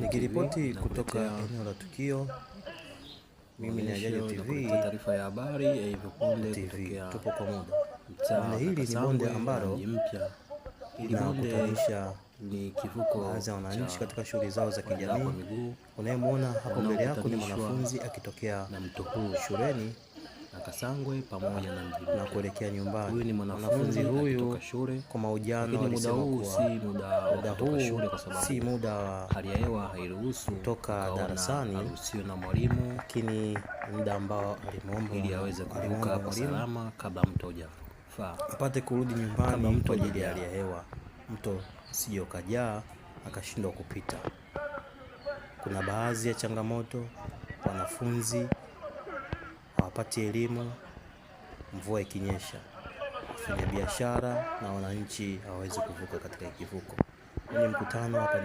Nikiripoti kutoka eneo la tukio, mimi ni Ajaja TV, taarifa ya habari hivyo punde kutokea. Tupo kwa muda. Bonde hili ni bonde ambalo linakutanisha ni kivuko baadhi wananchi katika shughuli zao za kijamii. Unayemwona hapo mbele yako ni mwanafunzi akitokea na huu shuleni na Kasangwe pamoja na Mjini na kuelekea nyumbani. Huyu ni mwanafunzi huyu shule kwa mahojiano, muda huu si muda wa shule, kwa sababu si muda wa hali ya hewa hairuhusu toka darasani usio na mwalimu, lakini muda ambao alimwomba ili aweze kuruka kwa salama kabla mtu hajafaa apate kurudi nyumbani kwa ajili ya hali ya hewa, mto sije ukajaa akashindwa kupita. Kuna baadhi ya changamoto wanafunzi wapatie elimu mvua ikinyesha, biashara na wananchi hawawezi kuvuka katika kivuko. Kwenye mkutano wa